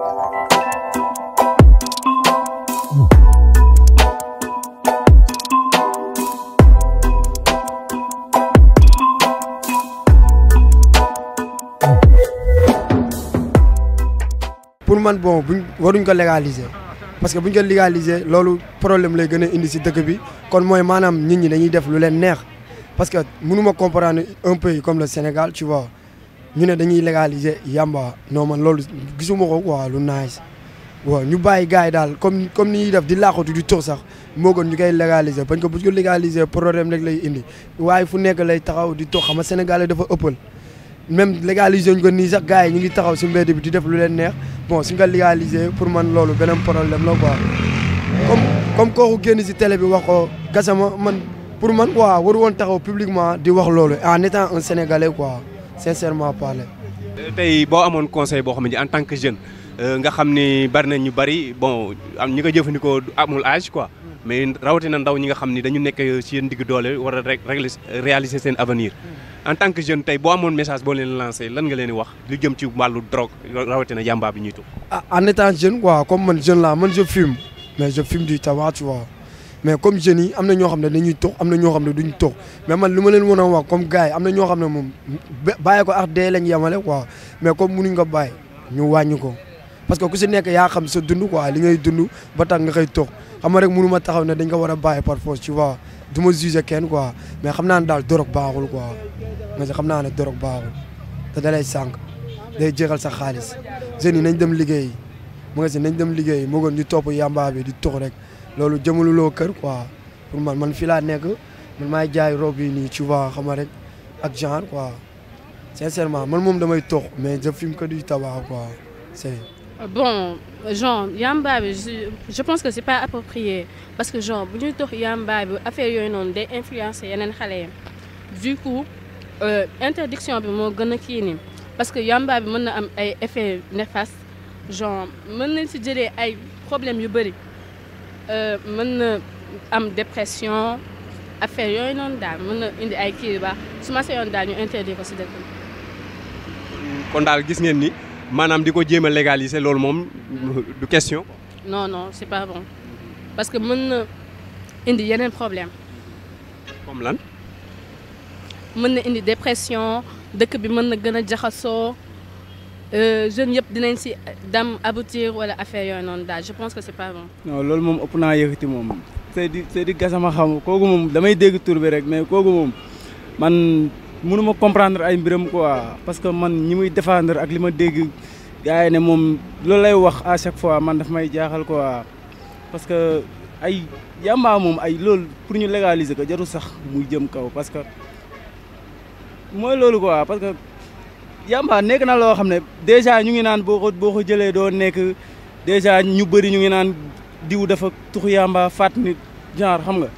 pour man bon buñ waruñ ko légaliser parce que bu buñ ko légaliser loolu problème lay gën a indi si dëkk bi kon mooy maanaam nit ñi dañuy def lu leen neex parce que mënuma comprendre un pays comme le Sénégal ci vois ñu ne dañuy légalisé yamba non man loolu gisuma ko waaw lu nice waaw ñu bàyyi gars yi daal comme comme ni ñuy def di laaxatu di tox sax moo gën ñu koy légaliser parce que bu ñu ko légaliser problème rek lay indi waaye fu nekk lay taxaw di tox xam nga Sénégal dafa ëppal même légaliser ñu ko nii sax gars yi ñu ngi taxaw si mbedd bi di def lu leen neex bon su ñu ko légaliser pour man loolu beneen problème la quoi. comme comme kooku génn si télé bi wax ko Gassama man pour man quoi waru woon taxaw publiquement di wax loolu en étant un quoi. sincèrement parler. tey boo amoon conseil boo xam ne en tant que jeune euh, nga xam ni bari na ñu bari bon am ñi ko jëfandikoo amul âge quoi mais rawatina ndaw ñi nga xam ni dañu nekk ci yéen digg doole war a réaliser seen avenir. en tant que jeune tey boo amoon message boo leen lancé lan nga leen di wax lu jëm ci wàllu drogue na yamba bi ñuy tux. ah en étant jeune quoi comme man jeune la man je fume mais je fume du tabac tu vois. mais comme jeunes yi am na ñoo xam ne dañuy tox am na ñoo xam ne duñ tox mais man lu ma leen mën a wax comme gars yi am na ñoo xam ne moom bàyyi ko ak dee lañ yemale quoi mais comme munuñ ko bàyyi ñu wàññi ko parce que ku si nekk yaa xam sa dund quoi li ngay dund ba tax nga koy tox xam nga rek mënu ma taxaw ne dañ ko war a bàyyi par force tu vois du ma juger kenn quoi mais xam naa ne daal dorog baaxul quoi mais xam naa ne dorog baaxul te dalay sànq day jeexal sa xaalis jeunes yi nañ dem liggéey mu nga nañ dem liggéey moo gën ñu topp yamba bi di tox rek loolu jëmaluloo kër quoi pour man man fii laa nekk man maay jaay robe yi nii tu vois xam nga rek ak genre quoi sincèrement man moom damay tox mais je fume que du tabac quoi c'est bon genre yamba bi je pense que c'est pas approprié parce que genre bu ñuy tox yamba bi affaire yooyu noonu day influencer yeneen xale yi du coup euh, bi moo gën a kii nii parce que yamba bi mën na am ay effets néfastes genre mën nañ si jëlee ay problèmes yu bëri Euh, mën na am dépression affaire yooyu noonu daal mën na indi ay kii yu su ma seyoon daal ñu interdit ko si dëkk kon daal gis ngeen ni maanaam di ko jéem a légaliser loolu moom du question. non non c'est pas bon parce que mën na indi yeneen problème comme lan. mën na indi dépression dëkk bi mën na gën a jaxasoo. Euh, jeunes yëpp dinañ si dem aboutir wala affaire yooyu noonu daal je pense que c'est pas loolu moom ëpp naa yëkkati moom. Seydi Seydi Gassama xam kooku moom damay dégg tur bi rek mais kooku moom man mënuma comprendre ay mbiram quoi parce que man ñi muy défendre ak li ma dégg gars yi ne moom loolu lay wax à chaque fois man dafa may jaaxal quoi parce que ay yàmbaa moom ay loolu pour ñu légaliser ko jarul sax muy jëm kaw parce que mooy loolu quoi parce Yamba nekk na loo xam ne dèjà ñu ngi naan boo ko boo ko jëlee doo nekk dèjà ñu bëri ñu ngi naan diw dafa tuxu yamba faat nit genre xam nga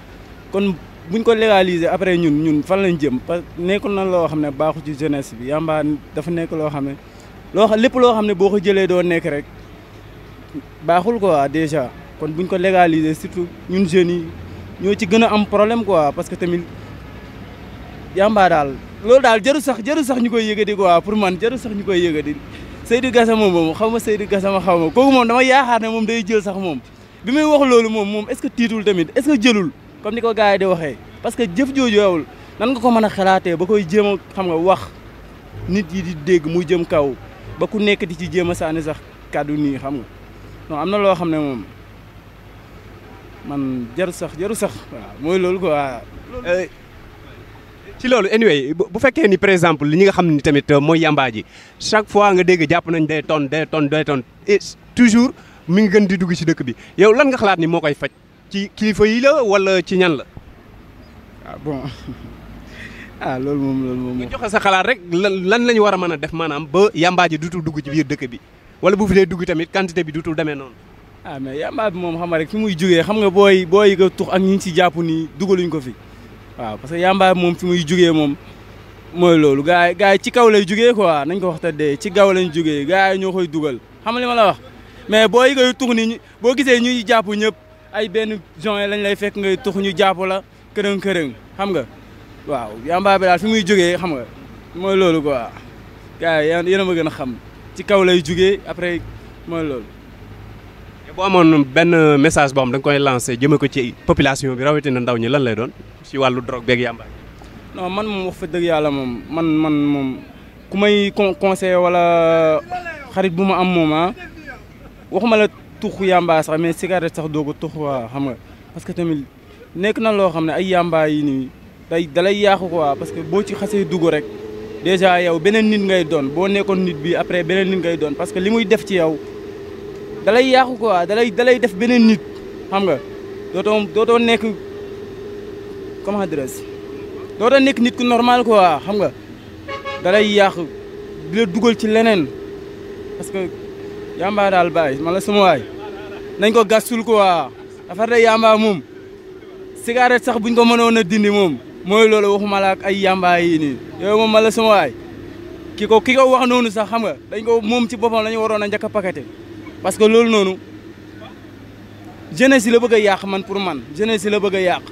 kon buñ ko légaliser après ñun ñun fan lañ jëm parce nekkul na loo xam ne baaxul ci jeunesse bi yamba dafa nekk loo xam ne loo lépp loo xam ne boo ko jëlee doo nekk rek baaxul ko quoi dèjà kon buñ ko légaliser surtout ñun jeunes yi ñoo ci gën a am problème quoi parce que tamit yamba daal. loolu daal jëru sax jëru sax ñu koy yëgadi quoi pour man jëru sax ñu koy yëgadi Seydou gasa moom moom xaw ma gasa ma xaw ma kooku moom dama yaakaar ne moom day jël sax moom bi muy wax loolu moom moom est que tiitul tamit est-ce que jëlul comme ni ko gars yi di waxee parce que jëf jooju yowul nan nga ko mën a xalaatee ba koy jéem xam nga wax nit yi di dégg muy jëm kaw ba ku nekk di ci jéem a saani sax kàddu nii xam nga non am na loo xam ne moom man jaru sax jaru sax waaw loolu quoi. Euh, ci loolu anyway bu fekkee ni par exemple li ñi nga xam ni tamit euh, mooy yàmbaa ji chaque fois nga dégg jàpp nañ des tonnes des ton des tonnes et toujours mi ngi gën di dugg ci dëkk bi yow lan xalaat ni moo koy faj ci kilifa yi la walla ci ñan la. Ah, ah, loolu moom loolu sa xalaat rek lan lan la war a mën a def maanaam ba yàmbaa ji dutul dugg ci biir dëkk bi walla bu fi dee dugg tamit quantité bi dutul demee noonu. ah mais yàmbaa moom xam nga rek fi muy jógee xam booy booy ko ak ñi ñu ci jàpp ni dugaluñ ko fi. waaw parce que yamba moom fi muy jugee moom mooy loolu gars yi gars yi ci kaw lay jugee quoi nañ ko wax te dee ci gaw lañ jugee gars yi ñoo koy dugal xam li ma la wax mais boo yi ngay tux ni boo gisee ñuy jàpp ñëpp ay benn joint lañ lay fekk ngay tux ñu jàpp la kërëng kërëng xam nga waaw yamba bi daal fi muy jugee xam nga mooy loolu quoi gars yi yéen a ma gën a xam ci kaw lay jugee après mooy loolu boo amoon benn message boo xam da koy lancé jëme ko ci population bi rawatina ndaw ñi lan lay doon si wàllu drogue beeg yàmba. non man moom wax fa dëgg yàlla moom man man moom ku may conseillé wala xarit bu ma am moom ah waxuma la tux yàmba sax mais cigarette sax doo ko tux waa xam nga parce que tamit nekk na loo xam ne ay yàmba yi nii day dalay yaaxu quoi parce que boo ci xasee dugg rek déjà yow beneen nit ngay doon boo nekkoon nit bi après beneen nit ngay doon parce que li muy def ci yow. dalay yàqu quoi dalay dalay def beneen nit xam nga dootoo dootoo nekk comment dirais-je dootoo nekk nit ku normal quoi xam nga dalay yàq di la dugal ci leneen parce que yamba daal bàyyi man la sama ko gastul ko gasul quoi affaire de yamba moom cigarette sax buñ ko mënoon a dindi moom mooy loolu waxuma la ak ay yamba yi nii yooyu moom man la sama waay ki ko ki ko wax noonu sax xam nga dañ ko moom ci boppam la ñu waroon a njëkk a pakete parce que loolu noonu jeunesse si la bëgg a yàq man pour man jeunesse si la bëgg a yàq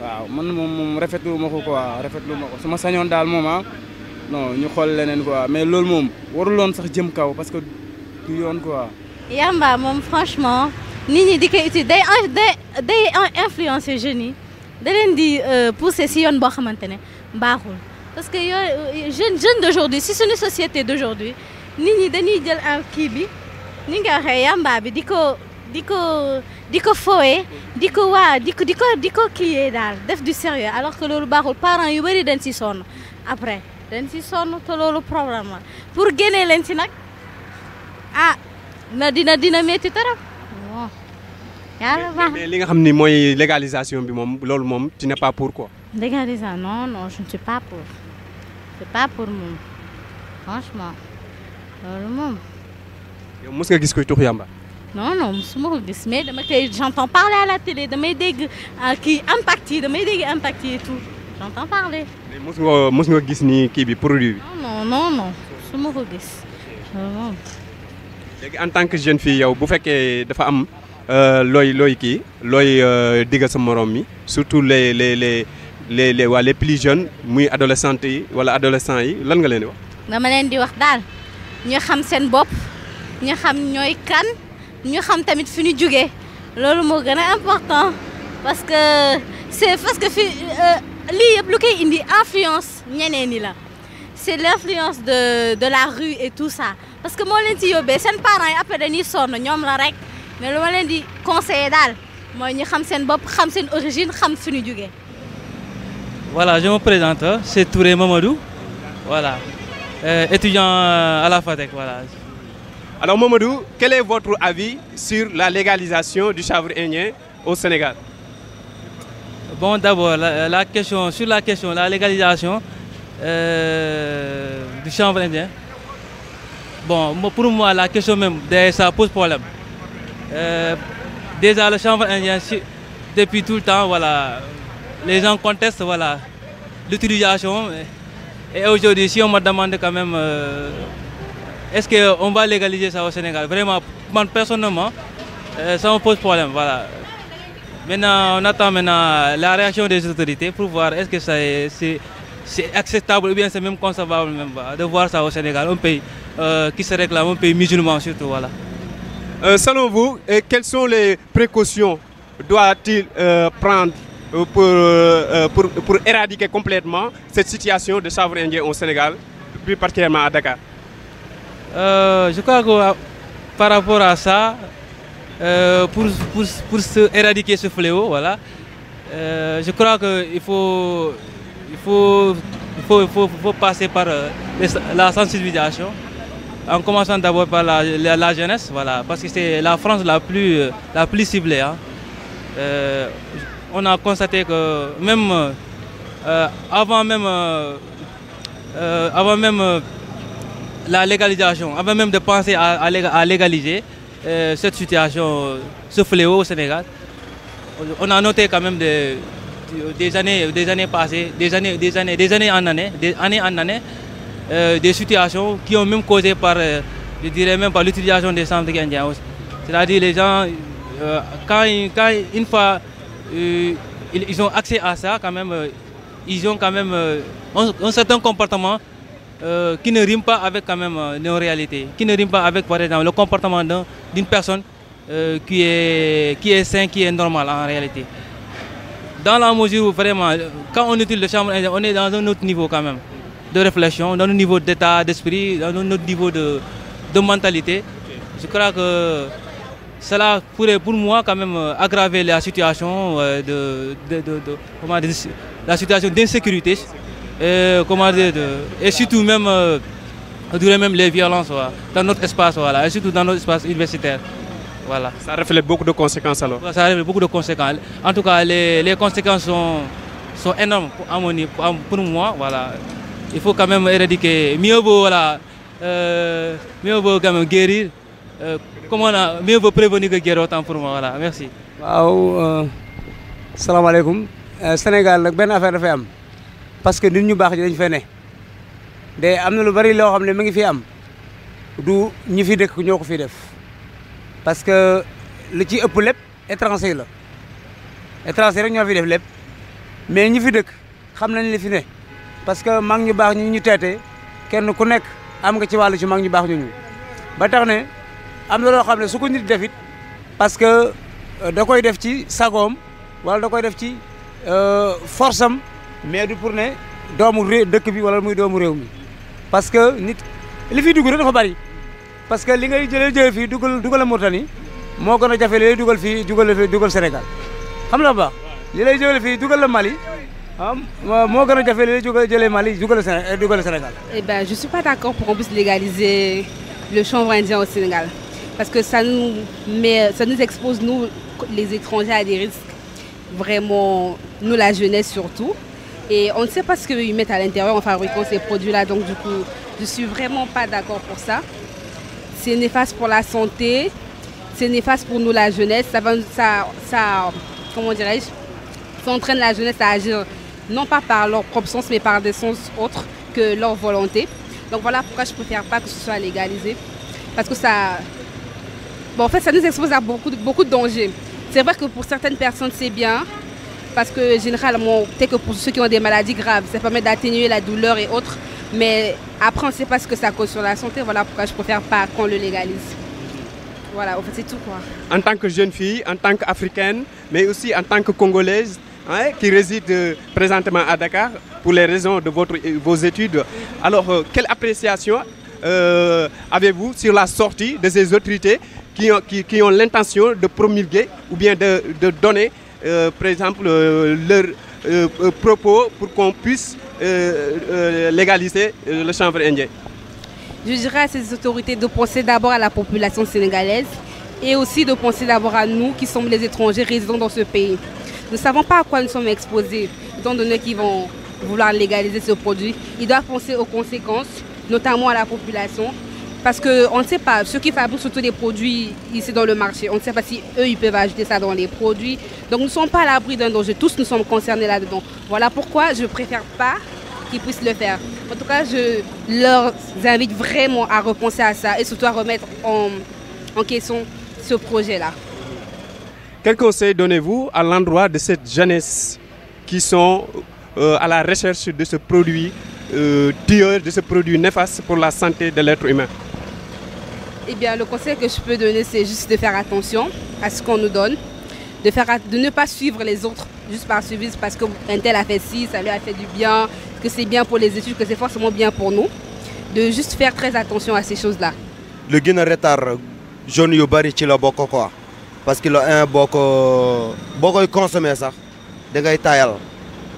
waaw man moom moom rafetlu ma ko quoi rafetlu ma ko su ma sañoon daal moom ah non ñu xool leneen quoi mais loolu moom waruloon sax jëm kaw parce que du yoon quoi. yamba moom franchement nit ñi di koy utile day day day influencer jeunes yi da leen di euh, pousser si yoon boo xamante ne baaxul parce que yooyu jeune jeune d'aujourd'hui si suñu société d'aujourd'hui nit ñi dañuy jël kii bi. ni nga waxee yamba bi di ko di ko di ko fooyee di ko waa di ko di ko di ko clier daal def du sérieux alors que loolu baaxul parents yu bëri dañ si sonn après dañ si sonn te loolu problème pour génnee leen si nag ah na dina dina métti trop bon li nga xam ni mooy légalisation bi moom loolu moom tu na pas pour quoi. légalisation non non je ne suis pas pour je franchement loolu moom. yow mos nga gis kuy tux yàmba. non non mosuma ko gis mais dama koy j'entends parler à la télé damay dégg ah, kii impact yi damay dégg impact yi tout j'entends parler. mais mos nga gis ni kii bi produit bi. non non non mosuma ko gis waaw. léegi en tant que jeune fii yow bu fekkee dafa am euh, looy looy kii looy euh, digga sa morom mi surtout les les les les les waa plus jeunes muy adolescentes yi wala adolescents yi lan nga leen di wax. dama di wax daal ñu xam seen bopp. ñu xam ñooy kan ñu xam tamit fi ñu jógee loolu moo gën a important parce que c'est parce que fi euh, lii yëpp lu koy indi influence ñeneen ñi la c'est l'influence de de la rue et tout ça parce que moo leen ci yóbbee seen parents yi après dañuy ñoom la rek mais lu ma leen di conseiller daal mooy ñu xam seen bopp xam seen origine xam fi ñu jógee. Voilà, je me présente, c'est Touré Mamadou, voilà, euh, étudiant euh, à la FATEC, voilà. Alors Mamadou, quel est votre avis sur la légalisation du chanvre indien au Sénégal Bon, d'abord, la, la, question, sur la question, la légalisation euh, du chanvre indien, bon, pour moi, la question même, ça pose problème. Euh, déjà, le chanvre indien, depuis tout le temps, voilà, les gens contestent voilà, l'utilisation. Et aujourd'hui, si on me demande quand même... Euh, est-ce qu'on va légaliser ça au Sénégal Vraiment, personnellement, euh, ça pose problème. Voilà. Maintenant, on la réaction des autorités pour voir est-ce que c'est acceptable ou bien c'est même concevable même, de voir ça au Sénégal, un pays euh, qui se réclame, un pays musulman surtout. Voilà. Euh, vous, quelles sont les précautions doit-il euh, prendre pour, pour, pour éradiquer complètement cette situation de savre indien au Sénégal, plus particulièrement à Dakar Euh, je crois que euh, par rapport à ça, euh, pour, pour, pour se éradiquer ce fléau, voilà, euh, je crois qu'il faut, il faut, il faut, il faut, passer par euh, les, la sensibilisation, en commençant d'abord par la, jeunesse, voilà, parce que c'est la France la plus, la plus ciblée. Hein. on a constaté que même avant même, avant même la légalisation, avant même de penser à, à légaliser euh, cette situation, ce fléau au Sénégal, on a noté quand même de des années, des années passées, des années, des en année, des années en année, euh, des situations qui ont même causé par, euh, je dirais même par l'utilisation des centres indiens. C'est-à-dire les gens, euh, quand, une fois euh, ils, ont accès à ça, quand même, euh, ils ont même un certain comportement euh, qui ne rime pas avec quand même normal en réalité. Dans la mesure où vraiment, quand on utilise le chambre on est dans un autre niveau de réflexion, dans un niveau d'état d'esprit, dans un autre niveau de, mentalité. Je crois que cela pourrait pour moi quand même euh, aggraver la situation euh, de, de, de, de la situation d'insécurité et euh, comment dire et surtout même je euh, dirais même les violences voilà, dans notre espace voilà et surtout dans notre espace universitaire voilà. Ça reflète beaucoup de conséquences alors. Ça reflète beaucoup de conséquences en tout cas les les conséquences sont énormes pour moi voilà il faut quand même éradiquer mieux vaut voilà euh, quand même guérir comme on a mieux vaut prévenir que guérir autant pour moi voilà merci. waaw salaamaaleykum Sénégal nag affaire dafay am. parce que nit ñu baax ji dañ fee ne de am na lu bari loo xam ne mu ngi fi am du ñi fi dëkk ñoo ko fi def parce que li ci ëpp lépp étranger la étranger rek ñoo fi def lépp mais ñi fi dëkk xam nañ li fi ne parce que mag ñu baax ñu ñu teete kenn ku nekk am nga ci wàllu ci mag ñu baax ñu ba tax ne am na loo xam ne su ko nit defit parce que euh, da koy def ci sagoom wala da koy def ci euh, force am mais du pour ne doomu réew dëkk bi wala muy doomu réew mi parce que nit li fi dugg rek dafa bari parce que li ngay jëlee jëlee fii dug dugal Mauritanie moo gën a jafe li lay dugal fii dugal fii dugal Sénégal xam la baax li lay jëlee fii dugal la Mali moo gën a jafe li lay dugal jëlee Mali dugal Séné eh, dugal Sénégal. eh ben je suis pas d'accord pour qu'on puisse légaliser le chanvre indien au Sénégal parce que ça nous met ça nous expose nous les étrangers à des risques vraiment nous la jeunesse surtout. Et on ne sait pas ce qu'ils mettent à l'intérieur en fabriquant ces produits-là. Donc je suis vraiment pas d'accord pour ça. C'est néfaste pour la santé, c'est néfaste pour nous la jeunesse. comment dirais-je, ça la jeunesse à agir non pas par leur propre sens, mais par des sens autres que leur volonté. Donc voilà pourquoi je préfère pas que ce soit légalisé. Parce que de dangers. C'est vrai que pour certaines personnes, c'est bien, parce que généralement, peut-être que pour ceux qui ont des maladies graves, ça permet d'atténuer la douleur et autres. Mais après, on ne que ça cause sur la santé. Voilà pourquoi je préfère pas qu'on le légalise. en fait, c'est tout quoi. En tant que jeune fille, en tant qu'Africaine, mais aussi en tant que Congolaise, hein, qui réside euh, présentement à Dakar pour les raisons de votre, vos études, alors euh, quelle appréciation euh, avez-vous sur la sortie de ces autorités qui ont, qui, qui ont l'intention de promulguer bien de, de donner Euh, par exemple, euh, leurs euh, propos pour qu'on puisse légaliser le chanvre indien Je dirais à ces autorités de penser d'abord à la population sénégalaise et aussi de penser d'abord à nous qui sommes les étrangers résidents dans ce pays. Nous ne savons pas à quoi nous sommes exposés, étant donné qu'ils vont vouloir légaliser ce produit. Ils doivent penser aux conséquences, notamment à la population, Parce qu'on ne sait pas, ceux qui fabriquent surtout des produits ici dans le marché, on ne sait pas si eux, ils peuvent ajouter dans les produits. Donc nous ne sommes pas à l'abri d'un danger, tous nous sommes concernés là-dedans. Voilà pourquoi je préfère pas qu'ils puissent le faire. En tout cas, je leur invite à repenser à ce projet-là. Quel conseil donnez-vous à l'endroit de cette jeunesse qui sont euh, à la recherche de ce produit euh, tueur, de ce produit la santé de l'être humain Eh bien, le conseil que je peux donner, c'est juste de faire attention à ce qu'on nous donne, de, ne pas suivre les autres juste par suivi, parce qu'un tel a fait ci, ça lui a fait du bien, que c'est bien pour les études, que c'est forcément bien pour nous. De juste faire très attention à ces choses-là. Le Guinée retard, jeune yu bari ci la bokk quoi parce que la un boo ko boo koy consommé sax da ngay taayal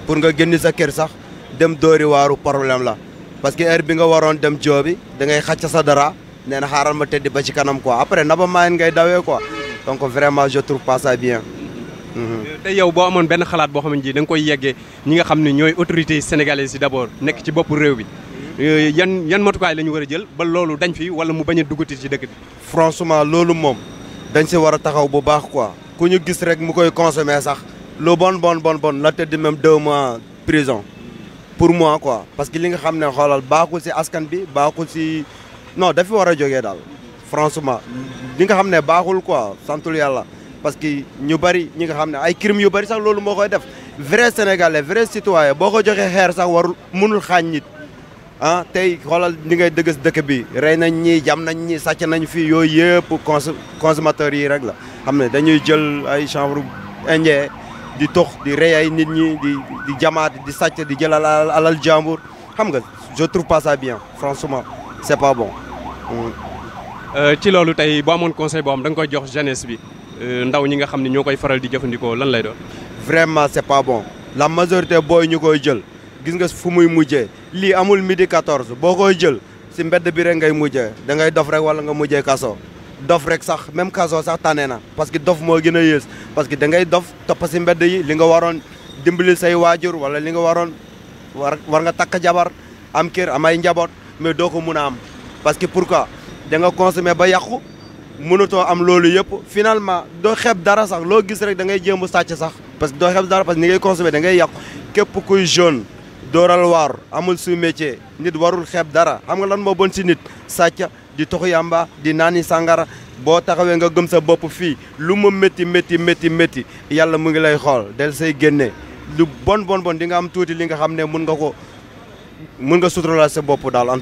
pour nga génn sa kër sax dem doori waaru problème la parce que bi nga waroon dem joobi da ngay xàcc sa dara nee na xaaral ma tëdd ba ci kanam quoi na naba maa ngay dawee quoi donc vraiment je trouve pas ça bien. Mhm. te yow boo amoon benn xalaat boo xam ne ji da nga koy yeggee ñi nga xam ne ñooy autorité sénégalaises yi d' abord nekk ci bopp réew bi euh, yan yan matukaay la ñu war a jël ba loolu dañ fi wala mu bañ a duggati ci dëkk bi. franchement loolu moom dañ si war a taxaw bu baax quoi ku ñu gis rek mu koy consommer sax lu bon bon bon bon la tëdd même deux mois prison pour moi quoi parce que li nga xam ne xoolal baaxul si askan bi baaxul si. non dafi war a jógee daal franchement li nga xam ne baaxul quoi santul yàlla parce que ñu bari ñi nga xam ne ay crime yu bari sax loolu moo koy def vrai sénégalais vrai citoyen boo ko joxee xeer sax warul mënul xaañ nit ah tey xoolal ñi ngay dëgës dëkk bi rey nañ ñi jam nañ ñi sàcc nañ fii yooyu yëpp consommateurs yi rek la xam ne dañuy jël ay chanvre indien di tox di rey ay nit ñi di di jamaat di sàcc di jël alal jàmbur xam nga je trouve pas ça bien franchement c' est pas bon. Euh, ci loolu tey boo amoon conseil boo xam da nga koy jox jeunesse bi euh, ndaw ñi nga xam ne ñoo koy faral di jëfandikoo lan lay doon. vraiment c' est pas bon la majorité booy ñu koy jël gis nga fu muy mujjee lii amul midi 14 boo koy jël si mbedd bi rek ngay mujjee da ngay dof rek wala nga mujjee kaso. dof rek sax même kaso sax tànnee na parce que dof moo gën a yées parce que da ngay dof topp si mbedd yi li nga waroon dimbali say waajur wala li nga waroon war war nga takk jabar am kër am ay njaboot. mais doo ko mun a am parce que pourquoi da nga consommer ba yàqu mënatoo am loolu yëpp finalement doo xeeb dara sax loo gis rek da ngay jéem sàcc sax parce que doo xeeb dara parce que ni ngay consommer da ngay yàqu képp kuy jeune dooral waar amul si métier nit warul xeeb dara xam nga lan moo bon si nit sàcc di toxu yàmba di naani sàngara boo taxawee nga gëm sa bopp fii lu mu métti métti métti métti yàlla mu ngi lay xool del say génne lu bon bon bon di nga am tuuti li nga xam ne mun nga ko mën nga suturaal sa bopp daal en